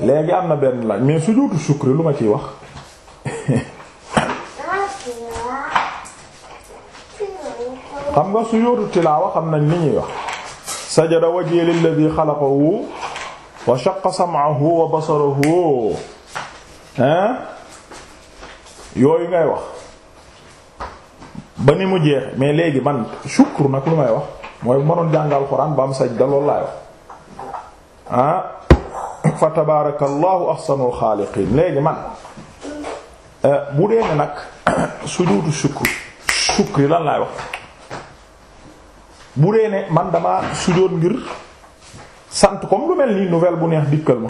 léegi am na benn laaj mais sujuutu sukri lu ma ciy wax xam nga sujuutu tilaawa xam nañ ni ñuy wax sajada wajhi lilladhi xalaqahu wa shaqqa sam'ahu wa basarahu hein yooyu ngay wax ba ni mu jeex mais léegi man sukru nag lu may wax mooy bu ma jàngal alxuraan ba am sajda loolu laay wax ah fa tabarakallahu ahsanul xaaliqiin léegi man euh, bu dee ne nag sujuudu shukri shukri lan laay wax bu dee ne man dama sujoot ngir sant comme lu mel nii nouvelle bu neex dikkal ma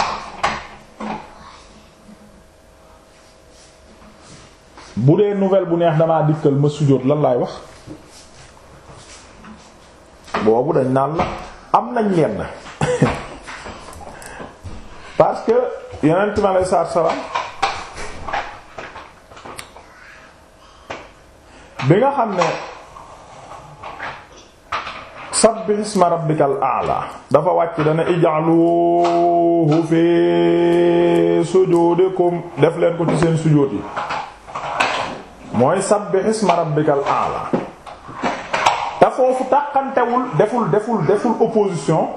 bu dee nouvelle bu neex damaa dikkal ma sujoot lan laay wax boobu dañ naan la am nañ lenn parce que yonent mi alayhi salaatu wa salaam bi nga xam ne sabbih isma rabbikal a'la dafa wàcc dana ij'aluhu fi sujudikum def leen ko ci seen sujóot yi mooy sabbih isma rabbikal a'la te foofu tàqantewul deful deful deful opposition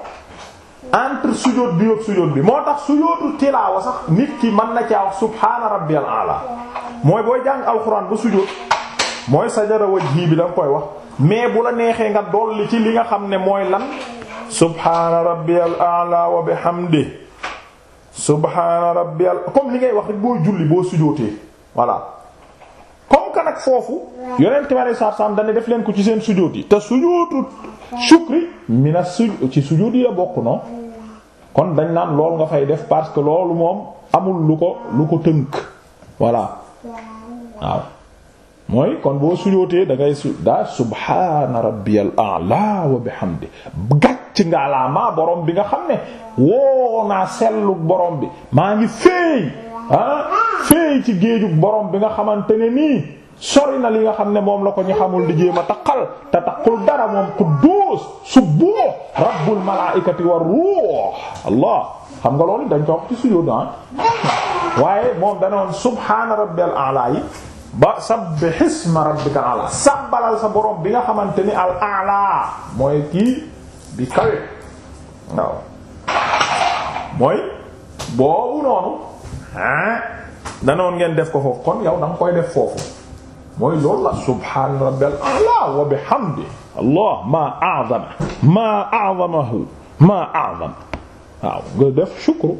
entre sujjóot bi ak sujjóot bi moo tax sujjóotu tilaawa sax nit ki mën na caa wax subhaana rabbiyal a'la mooy booy jàng alxuraan ba sujjóot mooy sajara wajhi bi da koy wax mais bu la neexee nga dolli ci li nga xam ne mooy lan subhaana rabbiyal a'la wa bihamdi subhaana rabbiyal comme li ngay wax rek booy julli boo sujjóotee voilà comme que nag foofu yonent bi sallallahu alayhi wasallam def leen ko ci seen sujjóot yi te sujjóotu shukri mina su ci sujud yi la bokk non kon dañ naan lool nga fay def parce que loolu moom amul lu ko lu ko tënk voilà waaw mooy kon boo sujootee da ngay su daa subhaana rabbiyal a'la wa bihamdi gàcc nga laa maa borom bi nga xam ne woo naa sellu borom bi maa ngi feey ah, feey ci géejug borom bi nga xamante ne nii. sori na li nga xam ne moom la ko ñu xamul liggéey ma a taqal te taqul dara moom quddus subbuh rabbul malaa'ikati war ruux allah xam nga loolu dañ ko wax ci sujóot ah waaye moom dana subhaana rabbil a'la yi ba sabbih isma rabbikal a'la sabbalal sa borom bi nga xamante ni al a'la mooy kii bi kawe waaw mooy boobu noonu ah danoon ngeen def ko foofu kon yow da koy def foofu mooy loolu la subhaana rabbil a'la wa bihamdi allah maa a'zama maa a'zamahu maa a'zam waaw nga def shukru